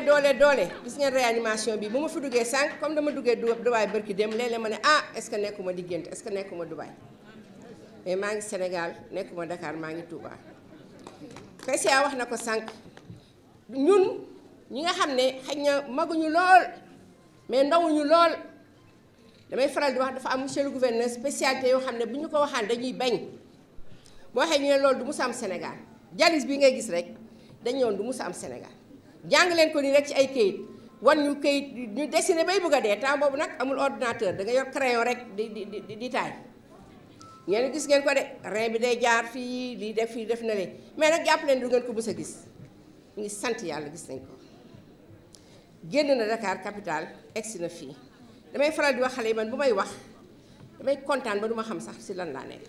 doole doole doole gis ngeen réanimation bi bu ma fi duggee sànq comme dama duggee Dubaay bërki dem léeg-léeg ma ne ah est-ce que nekkuma diggante est-ce que nekkuma Dubaay mais maa ngi Sénégal nekkuma dakaar maa ngi Touba. PCA wax na ko sànq ñun ñi nga xam ne xëy na maguñu lool mais ndawuñu lool damay faral di wax dafa am monsieur le gouverneur spécialité yoo xam ne bu ñu ko waxaan dañuy bañ boo xëy ne loolu du musa am Sénégal jalis bi ngay gis rek dañu yoon musa am Sénégal. jàng leen ko nii rek ci ay kayit wan ñu kayit ñu dessiné bay bëgg dee temps boobu nag amul ordinateur da nga yor crayon rek di di di di taay ñeen gis ngeen ko de rein bi day jaar fii lii def fii def na leen mais nag jàpp leen du ngeen ko bës a gis ñu ngi sant yàlla gis nañ ko génn na Dakar capitale egsi na fii damay faral di wax xale yi man bu may wax damay kontaan ba du ma xam sax si lan laa nekk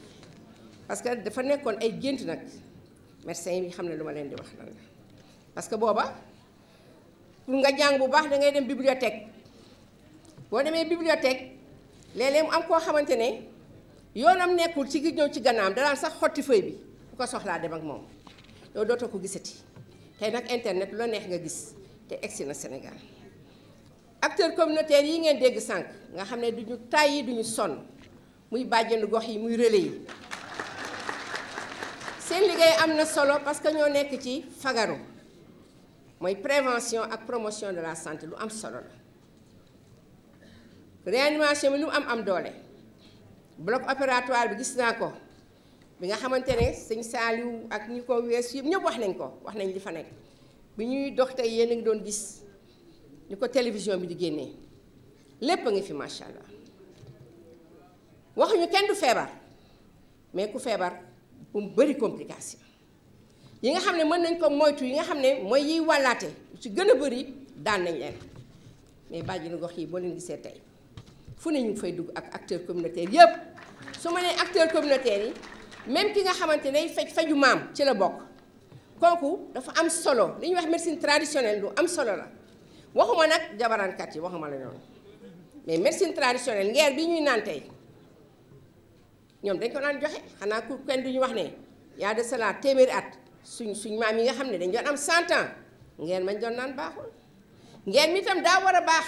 parce que dafa nekkoon ay gént nag médecin yi xam ne lu leen di wax pour nga jàng bu baax da ngay dem bibliothèque boo demee bibliothèque léeg-léeg mu am koo xamante ne yoonam nekkul ci gi ñëw ci gannaam danaan sax xotti feuille bi bu ko soxlaa dem ak moom yow ko gisati tey nag internet lu neex nga gis te egsi na Sénégal acteurs communautaires yi ngeen dégg sànq nga xam ne duñu tàyyi duñu sonn muy bàjjenu gox yi muy relais yi seen liggéey am na solo parce que ñoo nekk ci fagaru mooy prévention ak promotion de la santé lu am solo la réanimation bi lu am am doole bloc opératoire bi gis naa ko bi nga xamante ne sëñ Saaliw ak ñi ko wees yëpp ñëpp wax nañ ko wax nañ li fa nekk bi ñuy dox tey yéen a ngi doon gis ñu ko télévision bi di génnee lépp a ngi fi macha allah waxuñu kenn du feebar mais ku feebar bu mu bëri complication yi nga xam ne mën nañ ko moytu yi nga xam ne mooy yiy wallaate ci gën a bëri daan nañ leen mais bàjjenu gox yii boo leen gisee tey fu ne ñu fay dugg ak acteur communautaires yëpp su ma nee acteurs communautaires yi même ki nga xamante ne faj faju maam ci la bokk kooku dafa am solo li ñuy wax médecine traditionnelle lu am solo la waxuma nag jabarankat yi waxuma la noonu mais médecine traditionnelle ngeer bi ñuy naan tey ñoom dañ ko naan joxe xanaa ku kenn du ñu wax ne yaa téeméeri at suñ suñ maam yi nga xam ne dañ doon am cent ngeen mañ doon naan baaxul ngeen mi tam daa war a baax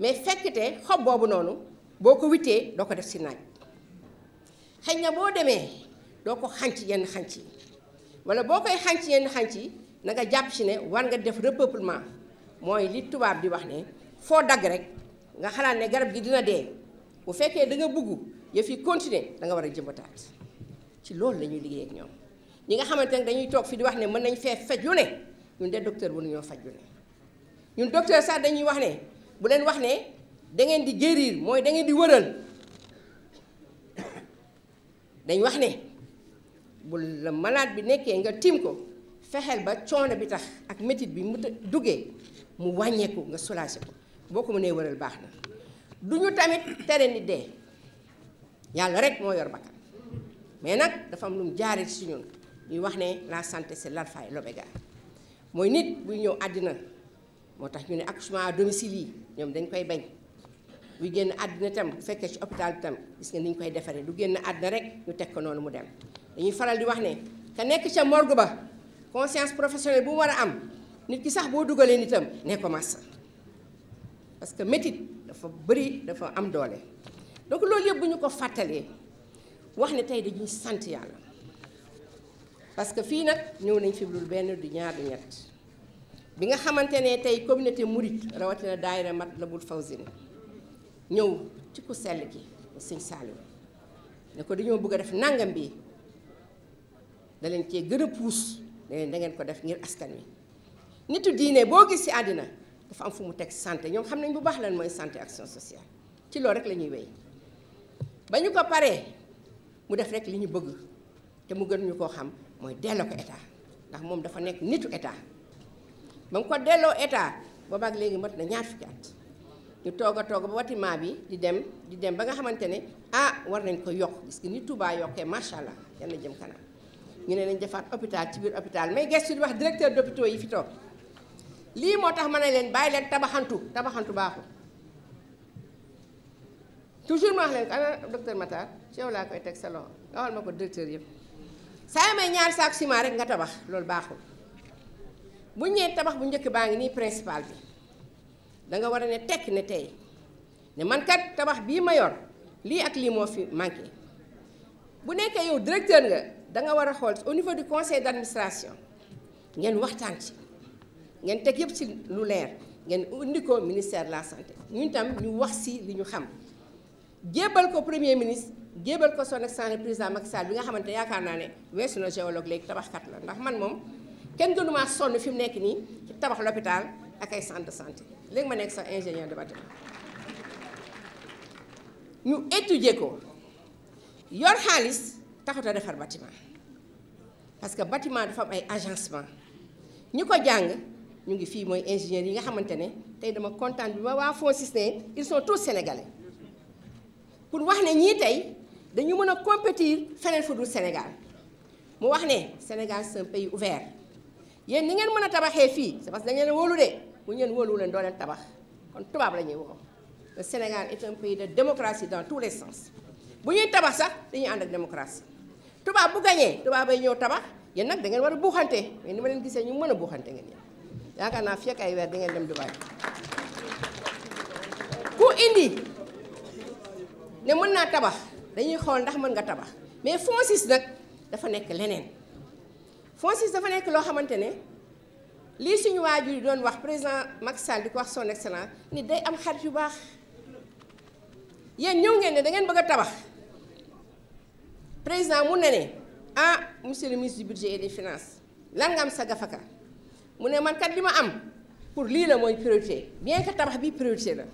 mais fekkte xob boobu noonu boo ko wittee doo ko def si naaj xëy na boo demee doo ko xànc yenn xànc yi wala boo koy xànc yenn xànc yi na nga jàpp si ne war nga def repeuplement mooy li tubaab di wax ne foo dagg rek nga xalaat ne garab gi dina dee bu fekkee da nga bugg yëf yi continuer da nga war a jëmbataat ci loolu la ñuy liggéey ak ñoom ñi nga xamante ne dañuy toog fi di wax ne mën nañ fee faj lu ne ñun de docteur mënuñoo faj lu ne ñun docteur sax dañuy wax ne bu leen wax ne da ngeen di guérir mooy da di wëral dañ wax ne bu la malade bi nekkee nga tiim ko fexeel ba coono bi tax ak métit bi mu duggee mu wàññeeku nga soulager ko boo ko mënee wëral baax na du ñu tamit tere nit dee yàlla rek moo yor bakkan mais nag dafa am lu mu jaaree ci ñun ñuy wax ne la santé c'est l'alpha et l'oméga mooy nit buy ñëw àddina moo tax ñu ne accouchement à domicile yi ñoom dañ koy bañ buy génn àddina itam bu fekkee ci hôpital tam gis nga ni ñu koy defaree du génn àddina rek ñu teg ko noonu mu dem dañuy faral di wax ne ka nekk ca morgue ba conscience professionnelle bu mu war a am nit ki sax boo dugalee nitam ne ko massa parce que métit dafa bëri dafa am doole donc loolu yëpp bu ñu ko fàttalee wax ne tey dañuy sant yàll parce que fii nag ñëw nañ fi dul benn du ñaar du ñett bi nga xamante ne tey communauté Mouride rawatina daayira Matlabul Fawzeyni ñëw ci ku sell gi sëñ Saliou ne ko dañoo bëgg a def nangam bi da leen cee gën a puus da ngeen ko def ngir askan wi. nitu diine boo gis ci àddina dafa am fu mu teg santé ñoom xam nañ bu baax lan mooy santé action sociale ci loolu rek la ñuy wéy ba ñu ko paree mu def rek li ñu bëgg te mu gën ñu koo xam. mooy delloo ko état ndax moom dafa nekk nitu état ba mu ko delloo état boobaak léegi mat na ñaar fukki at ñu toog a toog wati bâtiment bi di dem di dem ba nga xamante ne ah war nañ ko yokk que ni Touba yokkee macha allah yàlla jëm kanam ñu ne nañ defaat hôpital ci biir hôpital may gestu di wax directeur d'hôpitaux yi fi toog lii moo tax ma ne leen bàyyi leen tabaxantu tabaxantu baaxul toujours ma wax leen ko ana docteur Matar ci yow laa koy teg sa loxo ma ko directeur yëpp. saa amee ñaari saak ciment rek nga tabax loolu baaxul bu ñëwee tabax bu njëkk baa ngi nii principal bi da nga war a ne tekk ne tey ne man kat tabax bii ma lii ak lii moo fi manqué bu nekkee yow directeur nga da nga war a xool au niveau du conseil d'administration ngeen waxtaan ci ngeen teg yëpp ci lu leer ngeen indi ko ministère de la santé ñu tam ñu wax si li ñu xam jébbal ko premier ministre. jébal ko son excellence président Macky Sall bi nga xamante yaakaar naa ne weesu na géologue léegi kat la ndax man moom kenn gënumaa sonn fi mu nekk nii ci tabax l'hôpital ak ay centre de santé léegi ma nekk sax ingénieur de bâtiment ñu étudier ko yor xaalis taxut a defar bâtiment parce que batiment dafa ay agencement ñi ko jàng ñu ngi fii mooy ingénieur yi nga xamante ne tey dama kontaan bi ma waa Fonds Cisne ils sont tous sénégalais pour wax ne ñii tey dañu mën a compétir feneen fu dul Sénégal mu wax ne Sénégal c'est un pays ouvert yéen ni ngeen mën a tabaxee fii c'est parce que dañu leen wóolu de bu ñu leen wóolu leen doo leen tabax kon tubaab la ñuy woo le Sénégal est un pays de démocratie dans tous les sens bu ñuy tabax sax dañuy ànd ak démocratie tubaab bu gañee tubaab bay ñëw tabax yéen nag da ngeen war a buuxante mais ni ma leen gisee ñu mën a buuxante ngeen yéen yaakaar naa fekk ay weer di ngeen dem Dubaï ku indi ne mën naa tabax. dañuy xool ndax mën nga tabax mais FONSIS nag dafa nekk leneen FONSIS dafa nekk loo xamante ne lii suñu waajur yi doon wax président Macky Sall di ko wax son excellence nit day am xarit yu baax yéen ñëw ngeen ne da ngeen bëgg a tabax président mun na ne ah monsieur le ministre budget et des finances lan nga am sa gafaka mu ne man kat li ma am pour lii la mooy priorité bien que tabax bi priorité la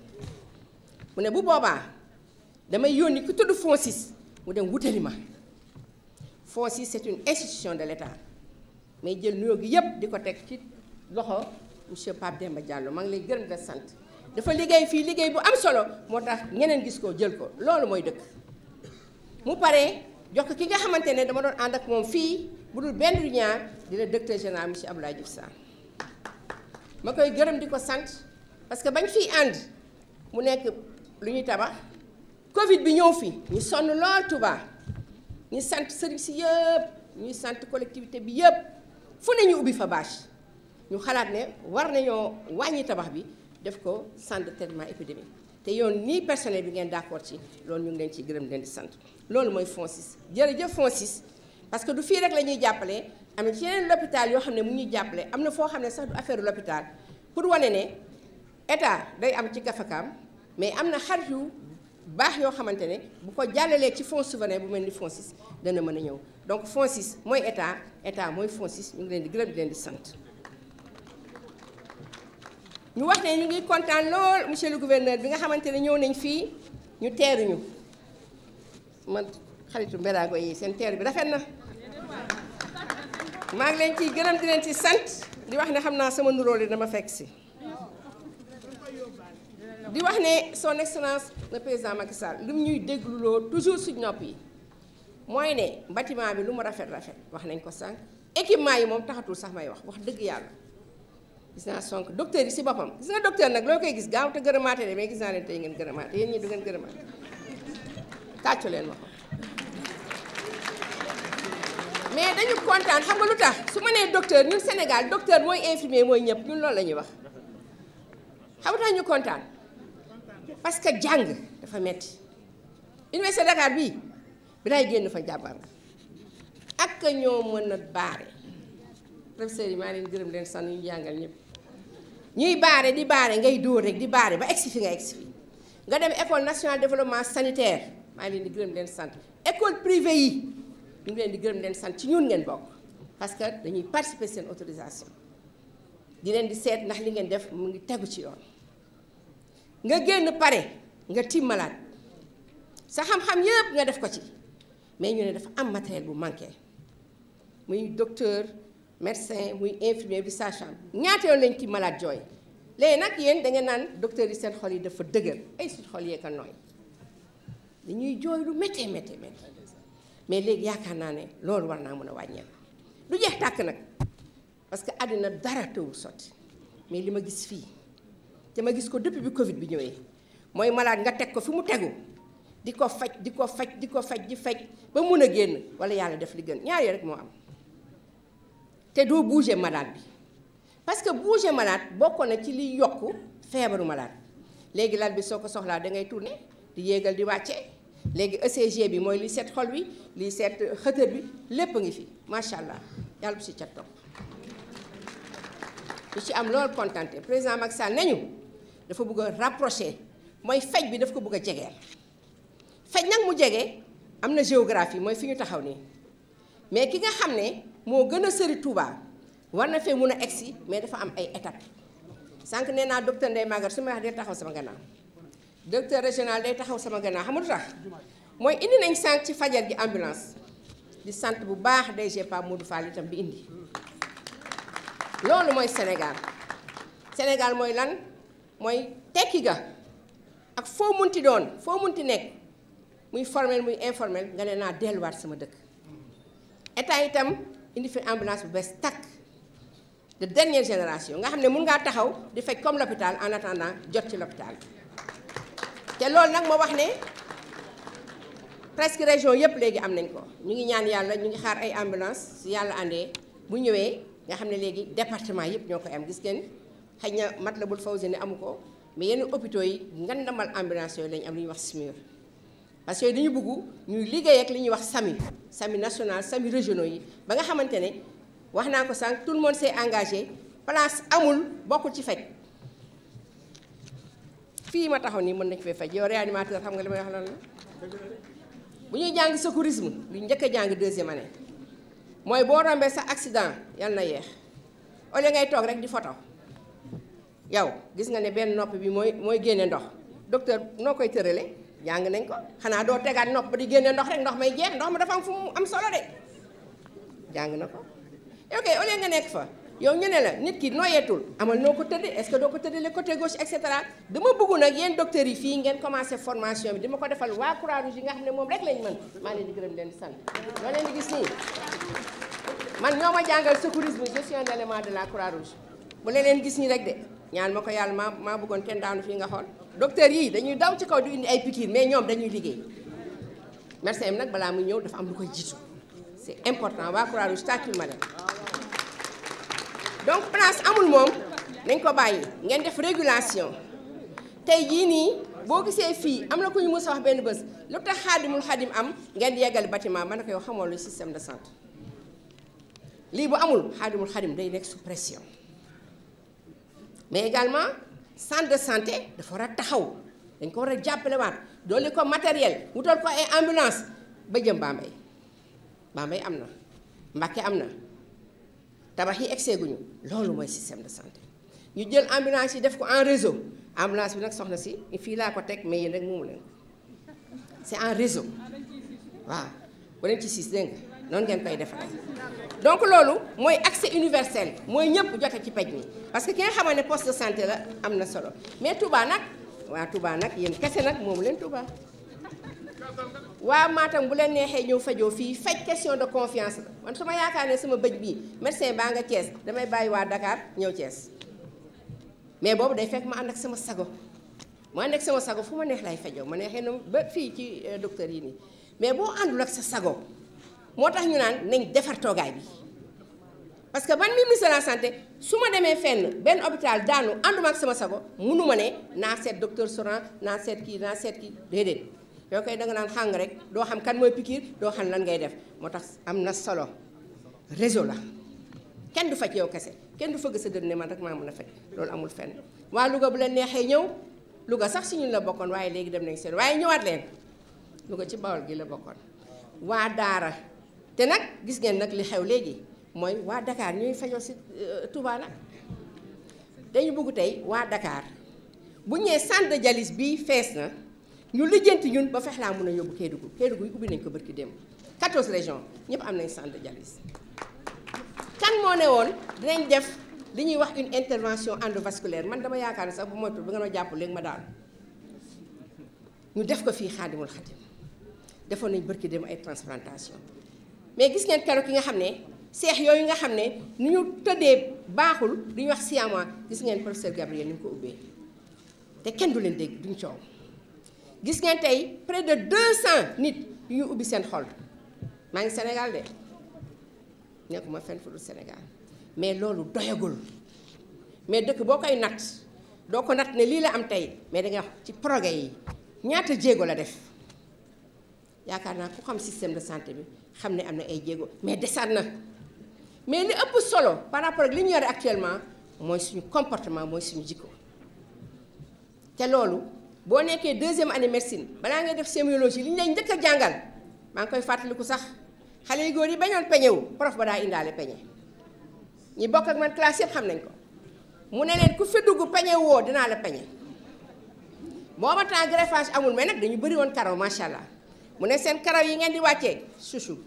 mu ne bu boobaa. damay yónni ku tudd FONSIS mu dem wutali ma FONSIS c'est une institution de l'État may jël nuyoo gi yépp di ko teg ci loxo monsieur Pape Demba jàll maa ngi lay gërëm di la sant dafa liggéey fii liggéey bu am solo moo tax ñeneen gis ko jël ko loolu mooy dëkk mu pare jox ko ki nga xamante ne dama doon ànd ak moom fii bu dul benn du ñaar di la directeur général monsieur Abdoulaye Diouf Sarr ma koy gërëm di ko sant parce que bañ fiy ànd mu nekk lu ñuy tabax Covid bi ñëw fi ñu sonn lool Touba ñu sant service yëpp ñuy sant collectivité bi yëpp fu ne ñu ubbi fa bâche ñu xalaat ne war nañoo wàññi tabax bi def ko centre de traitement épidémique te yoon nii personnel bi ngeen d'accord ci loolu ñu ngi leen ciy gërëm leen di sant loolu mooy FONSIS jërëjëf FONSIS parce que du fii rek lañuy ñuy jàppale am na ci yeneen l'hôpital yoo xam ne mu ñuy jàppale am na foo xam ne sax du affaire l'hôpital pour wane ne état day am ci gafakaam mais am na xarit baax ñoo xamante ne bu ko jàllalee ci fonds souverain bu mel ni FONSIS dana mën a ñëw donc FONSIS mooy état état mooy FONSIS ñu ngi leen di gërëm di leen di sant. ñu wax ne ñu ngi kontaan lool monsieur le gouverneur bi nga xamante ne ñëw nañ fii ñu teeruñu man xaritu mbéraago yi seen teeru bi rafet na. maa ngi leen ciy gërëm di leen ci sant di wax ne xam naa sama nuróole dama fekk si. di wax ne son excellence le président Macky Sall lu mu ñuy dégluloo toujours suñ nopp yi mooy ne bâtiment bi lu ma rafet rafet wax nañ ko sànq équipement yi moom taxatul sax may wax wax dëgg yàlla gis naa sonk docteur yi si boppam gis nga docteur nag loo koy gis gaaw te gërëmaate de mais gis naa leen tey ngeen gërëmaate yéen ñi du ngeen gërëmaate tàccu leen ma mais dañu kontaan xam nga lu tax su ma nee docteur ñun Sénégal docteur mooy infirmier mooy ñëpp ñun loolu la ñuy wax xam ñu kontaan parce que jàng dafa metti université Dakar bii bilaay génn fa jàmbar nga ak ñoo mën a baare professeurs yi maa leen gërëm leen sant ñu jàngal ñëpp ñuy baare di baare ngay dóor rek di baare ba egsi fi nga egsi fi nga dem école nationale développement sanitaire maa leen di gërëm leen sant école privée yi ñu leen di gërëm leen sant ci ñun ngeen bokk parce que dañuy participer seen autorisation di leen di seet ndax li ngeen def mu ngi tegu ci yoon nga génn pare nga timmalaat sa xam-xam yépp nga def ko ci mais ñu ne dafa am matériel bu manqué muy docteur médecin muy infirmier bi sage-femme ñaata yoon lañ timmalaat jooy léegi nag yéen da ngeen naan docteur yi seen xol yi dafa dëgër ay suñu xol yee ko nooy dañuy jooy lu méttee méttee méttee mais léegi yaakaar naa ne loolu war naa mën a wàññeeku du jeex tàkk nag parce que àddina dara tëwul sotti mais li ma gis fii. te ma gis ko depuis bi Covid bi ñëwee mooy malaat nga teg ko fi mu tegu di ko faj di ko faj di ko faj di faj ba mun a génn wala yàlla def li gën ñaar yooyu rek moo am te doo bouger malade bi parce que bouger malade bokk na ci li yokk feebaru malade léegi lal bi soo ko soxlaa da ngay tourner di yéegal di wàcce léegi ECG bi mooy li seet xol bi li seet xëtër bi lépp a ngi fi macha allah yàlla bu si ca topp lu ci am loolu kontaan président Macky Sall nañu dafa bugg a mooy faj bi daf ko bugg a jegeel fej nag mu jege am na géographie mooy fi ñu taxaw nii mais ki nga xam ne moo gën a sëri Touba war na fee mun a egsi mais dafa am ay étape sànq nee naa docteur Ndeye Maguette su ma wax day taxaw sama gannaaw docteur régional day taxaw sama gannaaw xamul tax mooy indi nañ sànq ci fajar gi ambulance di sant bu baax DG Pa Modou Fall itam bi indi loolu mooy Sénégal Sénégal mooy lan. mooy tekki ga ak foo mun munti doon foo mun munti nekk muy formel muy informel nga ne naa delluwaat sama dëkk état itam indi fi ambulance bu bees takk de dernière génération nga xam ne mun ngaa taxaw di faj comme l'hôpital en attendant jot ci l'hôpital te loolu nag ma wax ne presque région yëpp léegi am nañ ko ñu ngi ñaan yàlla ñu ngi xaar ay ambulance su yàlla àndee bu ñëwee nga xam ne léegi département yëpp ñoo koy am gis ngeen xaj na mat la Matlaboul Fawzeyni amu ko mais yenn hôpitaux yi ngandamal ambulance yooyu lañu am lu ñuy wax SMUR parce que yooyu dañu bëgg ñuy liggéey ak li ñuy wax SAMI SAMI national SAMI régionaux yi ba nga xamante ne wax naa ko sànq tout le monde s'est engagé place amul bokkul ci faj fii ma taxaw nii mën nañ fay faj yow animateur xam nga li may wax lan la bu ñuy jàng secourisme lu njëkk a jàng deuxième année mooy boo rombee sa accident yal na yeex au ngay toog rek di photo yow gis nga ne benn nopp bi mooy mooy génne ndox docteur noo koy tërale jàng nañ ko xanaa doo tegaat nopp ba di génne ndox rek ndox may jeex ndox ma dafa am fu mu am solo de jàng na ko ok au lieu nga nekk fa yow ñu ne la nit ki nooyeetul amal noo ko tëddee est-ce que doo ko tëddee le côté gauche et cetera dama bëgg nag yéen docteurs yi fii ngeen commencé formation bi dama ko defal waa Croix-Rouge yi nga xam ne moom rek lañ mën maa leen di gërëm leen di sant leen di gis nii man ñoo ma jàngal secourisme gestion d'élément de la Croix-Rouge bu leen rek de ñaan ma ko yàlla maa maa bëggoon kenn daanu fii nga xool docteur yi dañuy daw ci kaw du indi ay piqûre mais ñoom dañuy liggéey médecin bi nag balaa mu ñëw dafa am lu koy jiitu c'est important waa Croix-Rouge tàccul ma dem donc place amul moom dañ ko bàyyi ngeen def régulation tey jii nii boo gisee fii am na ku ñu mës a wax benn bés lu tax xaadimul xaadim am ngeen di yeggal bâtiment man na ko yow xamoo lu système de santé lii bu amul xaadimul xaadim day nekk su pression mais également centre de santé dafa war a taxaw dañ ko war a jàppalewaat waat doole ko matériel wutal ko ay ambulance ba jëm Bambey Bambey am na Mbacké am na tabax yi egsee guñu loolu mooy système de santé ñu jël ambulance yi def ko en réseau ambulance bi nag soxna si fii laa ko teg mais yéen rek moomu leen c'est en réseau waaw bu leen ci siis dégg nga noonu ngeen koy defar donc loolu mooy accès universel mooy ñëpp jote ci paj mi parce que ki nga ne poste de santé la am na solo mais Touba nag waa tubaa nag yéen kese nag moom leen Touba waa Matam bu leen neexee ñëw fajoo fii faj question de confiance la man su ma yaakaar ne sama bëj bi médecin baa nga Thiès damay bàyyi waa Dakar ñëw Thiès mais boobu day fekk ma ànd ak sama sago ma ànd ak sama sago fu ma neex lay fajoo ma neexee na ba fii ci euh, docteur yi nii mais boo àndul ak sa sago moo tax ñu naan nañ defar toogaay bi parce que man mi ministre de la santé su ma demee fenn benn hôpital daanu ànduma ak sama sabo munu ma ne naa seet docteur Soran naa seet kii naa seet kii déedéet yoo danga da naan xàng rek doo xam kan mooy pikiir doo xam lan ngay def moo tax am na solo réseau la kenn du faj yow kese kenn du fëgg sa dënn ne man rek maa mën a faj loolu amul fenn waa Louga bu la neexee ñëw Louga sax si ñun la bokkoon waaye léegi dem nañ seen waaye ñëwaat leen Louga ci Bawol gi la bokkoon waa Daara. te nag gis ngeen nag li xew léegi mooy waa dakaar ñuy fajoo si euh, Touba nag dañu bëgg tey waa dakaar bu ñëwee centre jalis bii fees na ñu lijjanti ñun ba fex mun mën a yóbbu Kédougou Kédougou yi ubbi nañ ko ki démb 14 régions ñëpp am nañ centre de dialyse kan moo ne woon dinañ def li ñuy wax une intervention endovasculaire man dama yaakaar ne sax bu moytu bi nga ma jàpp léegi ma daal ñu def ko fii xaadimul xadim defoon nañ ki dem ay transplantation mais gis ngeen keroog ki nga xam ne seex yooyu nga xam ne ni ñu tëddee baaxul du ñu wax siamois gis ngeen professeur Gabriel ni ñu ko ubbee te kenn du leen dégg duñ coow gis ngeen tey près de 200 nit yu ñu ubbi seen xol maa ngi Sénégal de nekkuma fenn fu dul Sénégal mais loolu doyagul mais dëkk boo koy nat doo ko natt ne lii la am tey mais da wax ci progrès yi ñaata jéego la def. yaakaar naa ku xam système de santé bi xam ne am na ay jéego mais desaat na mais li ëpp solo par rapport ak li ñu yore actuellement mooy suñu comportement mooy suñu jikko te loolu boo nekkee deuxième année sine balaa ngay def sémiologie li ñu lay njëkk a jàngal maa ngi koy fàttaliku sax xale yu góor yi bañoon peñe wu prof ba daa indaale peñe ñi bokk ak man classe yëpp xam nañ ko mu ne leen ku fi dugg peñe woo dinaa la peñe booba temps greffage amul mais nag dañu bëri woon karaw macha allah. mu ne seen karaw yi ngeen di wàccee chouchou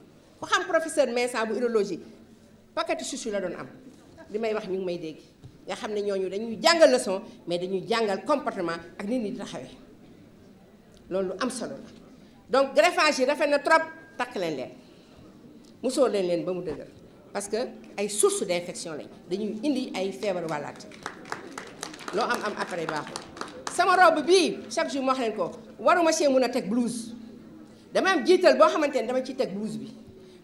ku xam professeur Meyssa bu urologie paquetu chouchou la doon am li may wax ñu ngi may dégg nga xam ne ñooñu dañuy jàngal leçon mais dañuy jàngal comportement ak nit ñi di taxawee loolu am solo la donc greffage yi rafet na trop takk leen leen musoo leen leen ba mu dëgër parce que ay source d'infection lañ dañuy indi ay feebaru wàllaate loo am am après baaxul sama robe bii chaque jour ma wax leen ko waruma see mun a teg blouse dama am jiital boo xamante ne dama ciy teg blouse bi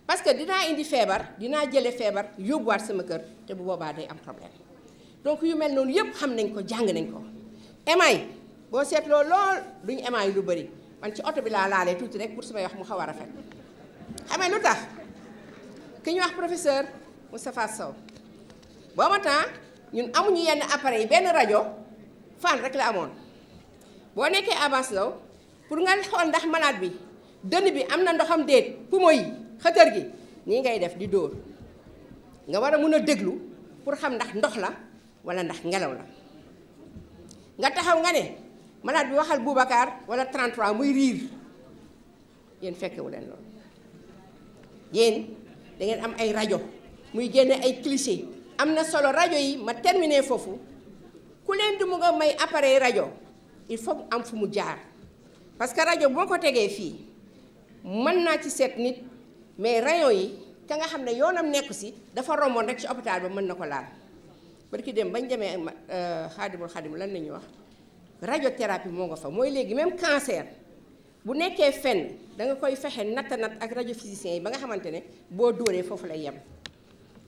parce que dinaa indi feebar dinaa jële feebar yóbbuwaat sama kër te bu boobaa day am problème donc yu mel noonu yëpp xam nañ ko jàng nañ ko emay boo seetloo lool duñu emay lu bëri man ci oto bi laa laalee tuuti rek pour su may wax mu xaw a rafet xamee lu tax ki ñu wax professeur Moustapha Sow booba temps ñun amuñu yenn yi benn rajo fan rek la amoon boo nekkee avance law pour nga xool ndax malade bi dënn bi am na ndoxam déet poumon yi xëtër gi nii ngay def di dóor nga war a mun a déglu pour xam ndax ndox la wala ndax ngelaw la nga taxaw nga ne malade bi waxal Boubacar wala 33 muy riir yéen fekkewu leen loolu yéen da ngeen am ay rajo muy génne ay cliché am na solo rajo yi ma terminé foofu ku leen di mu nga may appareil rajo il faut am fu mu jaar parce que rajo boo ko tegee fii mën naa ci seet nit mais rayon yi ka nga xam ne yoonam nekku si dafa romboon rek ci hôpital ba mën na ko laal barki dem bañ demee euh, xaadimul xaadim lan la ñuy wax radiothérapie moo nga fa mooy léegi même cancer bu nekkee fenn danga koy fexe natta nat ak rajo radiophysiciens yi ba nga xamante ne boo dóoree foofu lay yem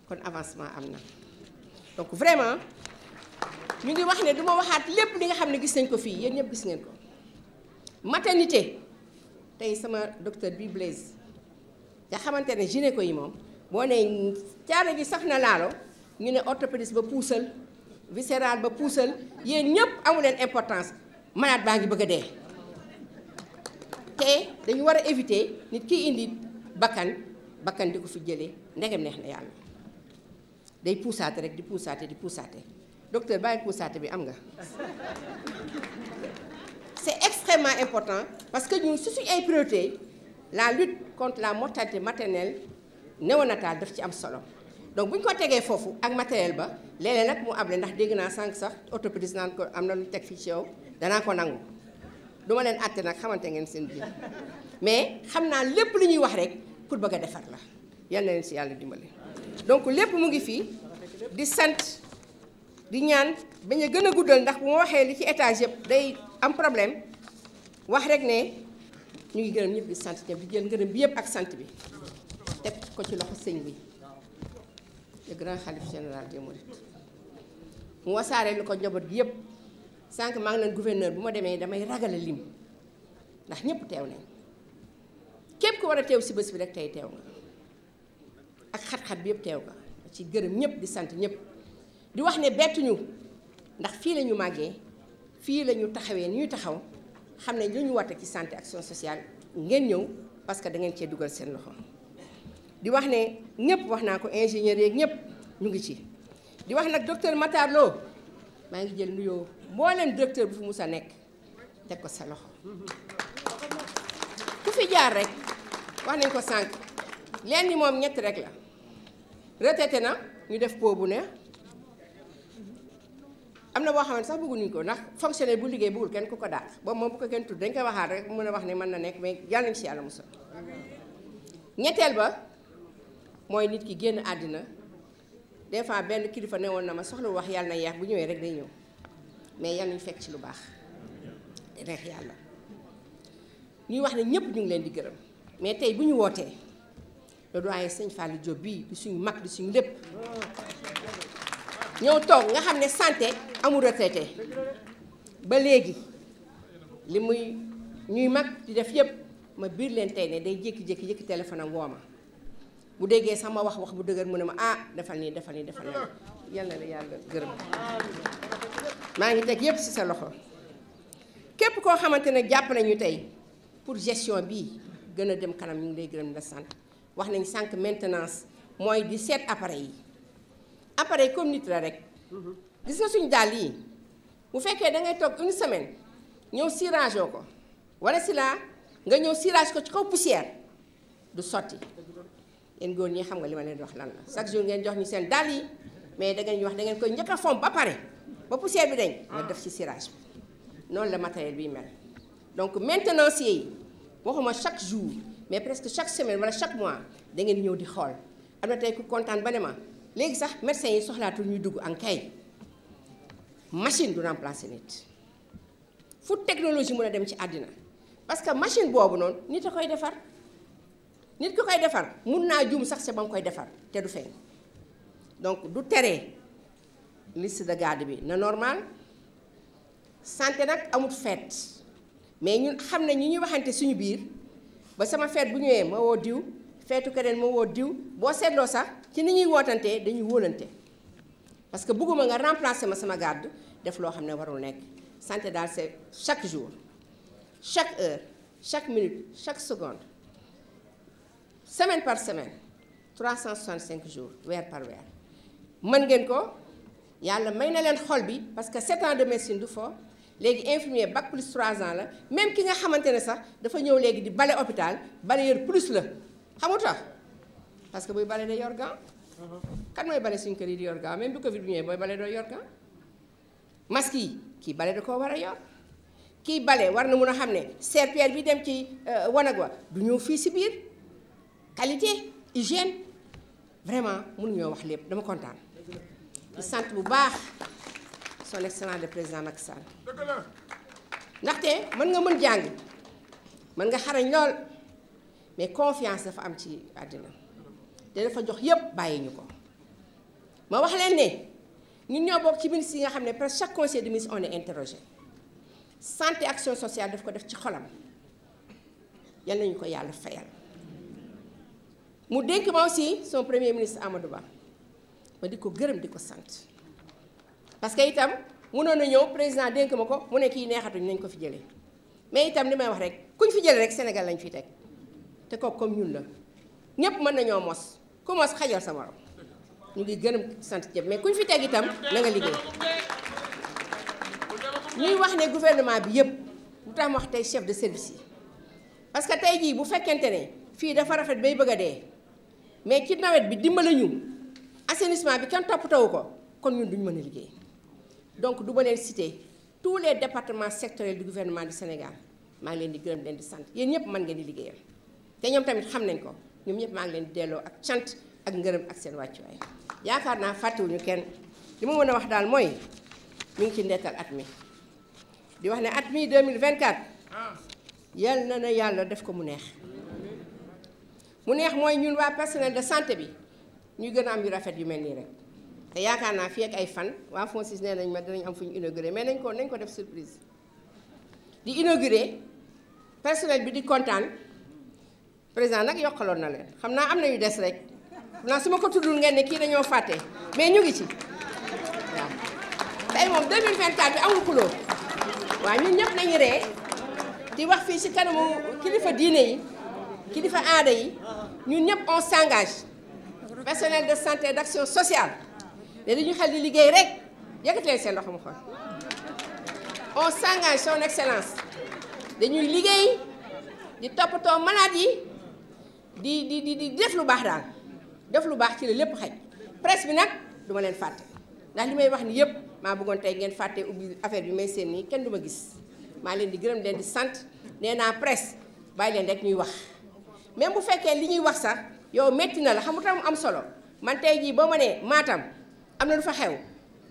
kon avancement am na donc vraiment ñu ngi wax ne du ma waxaat lépp li nga xam ne gis nañ ko fii yéen ñëpp gis ngeen ko maternité tey sama docteur bi Blaise nga xamante ne gynéco yi moom boo nee caare gi sax na laalo ñu ne orthopédiste ba puusal viscéral ba puusal yéen ñëpp amu leen importance malade baa ngi bëgg a dee te dañu war a éviter nit ki indi bakkan bakkan di ko fi jëlee ndegem neex na yàlla day puusaate rek di puusaate di puusaate docteur bàyyi puusaate bi am nga c'est extrêmement important parce que ñun su suñu ay priorité la lutte contre la mortalité maternelle néonatale daf ci am solo donc bu ñu ko tegee foofu ak matériel ba léeg nag mu able ndax dégg naa sànq sax orthopédiste naan ko am na lu teg fii ci yow danaa ko nangu du leen àtte nag xamante ngeen seen biir mais xam naa lépp lu ñuy wax rek pour bëgg a defar la yal na leen si yàlla dimbale donc lépp mu ngi fii di sant di ñaan ba a gën a guddal ndax bu ma waxee li ci étage yëpp day am problème wax rek ne ñu ngi gërëm ñëpp di sant ñëpp di jël ngërëm bi yëpp ak sant bi teg ko ci loxo sëñ bi le grand xalif général des lu ko njaboot gi yëpp sànq maa ngi leen gouverneur bu ma demee damay ragale lim ndax ñëpp teew nañ képp ku war a teew si bés bi rek tey teew ak xat yëpp teew nga ci gërëm ñëpp di sant ñëpp di wax ne bettuñu ndax fii lañu màggee fii lañu taxawee ni ñuy taxaw xam ne lu ñu wate ci santé action sociale ngeen ñëw parce que da ngeen cee dugal seen loxo di wax ne ñëpp wax naa ko ingénieur yeeg ñëpp ñu ngi ci. di wax nag docteur Matar maa ngi jël nuyoo mbooleem docteur bu fu mus a nekk teg ko sa loxo ku fi jaar rek wax nañ ko sànq lenn moom ñett rek la retraité na ñu def po bu ne. am na boo xamante sax bëgguñu ko ndax fonctionnaire bu liggéey bëggul kenn ku ko daal boobu moom bu ko kenn tudd dañ koy waxaat rek mën a wax ne mën na nekk mais yàlla nañ si yàlla ñetteel ba mooy nit ki génn àddina des fois benn kilifa ne woon na ma soxla wax yàlla na yeex bu ñëwee rek day ñëw mais yàlla nañu fekk ci lu baax yàlla ñuy wax ne ñëpp ñu ngi leen di gërëm mais tey bu ñu wootee le doyen sëñ Fallou Diop bii di suñu mag di suñu lépp ñëw toog nga xam ne santé amul retraité ba léegi li muy ñuy mag di def yëpp ma biir leen tey ne day jékki-jékki jékki téléphone am woo ma bu déggee sama wax wax bu dëgër mu ne ma ah defal nii defal nii defal na yal la yàlla gërëm maa ngi teg yëpp ci sa loxo képp koo xamante ne jàpp nañu tey pour gestion bii gën a dem kanam ñu day lay gërëm la sant wax nañ sànq maintenance mooy di seet appareil yi appareil comme nit la rek. gis nga suñu dàll yi bu fekkee da ngay toog une semaine ñëw cirage ko wala si laa nga ñëw cirage ko ci kaw poussière du sotti yéen góor ñi xam nga li ma leen wax lan la chaque jour ngeen jox ñu seen dàll yi mais da ngeen wax da ngeen koy njëkk a ba pare ba poussière bi dañ nga def ci cirage noonu la matériel bi mel donc maintenancier yi waxuma chaque jour mais presque chaque semaine wala chaque mois da ngeen ñëw di xool am na tey kontaan ba ne ma léegi sax médecins yi soxlaatul ñu dugg en kay machine du remplacer nit fut technologie mën a dem ci àddina parce que machine boobu noonu nit a koy defar nit ki koy defar mun naa jum sax sa ba mu koy defar te du feeñ donc du teree liste de garde bi na normal santé nag amut feet mais ñun xam ne ñi ñuy waxante suñu biir ba sama feet bu ñëwee ma woo diw feetu keneen ma woo diw boo seetloo sax ci ni ñuy wootantee dañuy wóolante parce que bëgguma nga remplacer ma sama garde def loo xam ne warul nekk sante daal c'est chaque jour chaque heure chaque minute chaque seconde semaine par semaine cinq jours weer par weer mën ngeen ko yàlla may na leen xol bi parce que 7 ans de médecine du fo léegi infirmier bac plus 3 ans la même ki nga xamante ne sax dafa ñëw léegi di bale hôpital bale plus la xamu tax parce que buy bale day yor gant kan mooy bale suñ kër yi di yor gant même bu Covid bi ñëwee booy bale doo yor gant masque yi kii bale da koo war a yor kii bale war na mun a xam ne serpillère bi dem ci euh, wanag wa du ñëw fii si biir qualité hygiène vraiment mun ñoo wax lépp dama kontaan di sant bu baax son excellence le président Macky Sall ndaxte mën nga mën jàng mën nga xarañ lool mais confiance dafa am ci àddina te dafa jox yépp bàyyi ñu ko ma wax leen ne ñun ñoo bokk ci ministre yi nga xam ne presque chaque conseil de ministre on est interrogé santé action sociale daf ko def ci xolam yal nañu ko yàlla fayal mu dénk ma aussi son premier ministre Amadou Ba ma di ko gërëm di ko sant parce que itam mënoon na ñëw président dénk ma ko mu ne kii neexatuñ nañ ko fi jëlee mais itam ni may wax rek kuñ fi jële rek Sénégal lañ fi teg te kooku comme ñun la ñëpp mën nañoo mos ku mos xajal sa morom ñu ngi gërëm sant ñëpp mais ku ñu fi teg itam na nga liggéey ñuy wax ne gouvernement bi yëpp lu tax wax tey chef de service yi parce que tey jii bu fekkente ne fii dafa rafet bay bëgg a dee mais ci nawet bi dimbale ñu assainissement bi kenn toppatoo ko kon ñun duñ mën a liggéey donc du ma leen citer tous les départements sectoriels du gouvernement du Sénégal maa ngi leen di gërëm leen di sant yéen ñëpp mën ngeen di liggéeyal. te ñoom tamit xam nañ ko ñoom ñëpp maa ngi leen delloo ak cant ak ngërëm ak seen wàccuwaay yaakaar naa fàttewuñu kenn li ma mën a wax daal mooy mi ngi ci ndekkal at mi di wax ne at mi 2024 yal na na yàlla def ko mu neex mu neex mooy ñun waa personnel de santé bi ñuy gën a am yu rafet yu mel nii rek te yaakaar naa fi ak ay fan waa Fonsis nee nañ ma dinañ am fu ñu inauguré mais nañ koo nañ ko def surprise di inauguré personnel bi di kontaan. président nag yokkaloon na leen xam naa am na yu des rek xam naa su ma ko tuddul ngeen ne kii dañoo fàtte mais ñu ngi ci waaw tey moom 2024 bi amul kulóo waaw ñun ñëpp nañu ree di wax fii ci kanamu kilifa diine yi kilifa aada yi ñun ñëpp on s'engage personnel de santé d'action sociale mais li ñu xel di liggéey rek yëkkati leen seen loxo mu xool on s'engage son excellence dañuy liggéey di toppatoo malade yi di di di di def lu baax daal def lu baax ci la lépp xaj presse bi nag du ma leen fàtte ndax li may wax ni yëpp maa bëggoon tey ngeen fàtte ubbi affaire bi may séen nii kenn du ma gis maa leen di gërëm leen di sant nee naa presse bàyyi leen rek ñuy wax même bu fekkee li ñuy wax sax yow metti na la xam nga am solo man tey jii boo ma nee maatam am na lu fa xew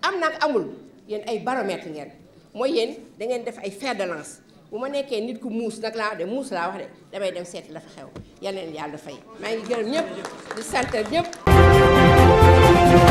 am na ak amul yéen ay baromètre ngeen mooy yéen da ngeen def ay fer de lance bu ma nekkee nit ku muus nag laa de muus laa wax de damay dem seeti la xew yal na yàlla fay maa ngi gërëm ñëpp di sant ñëpp.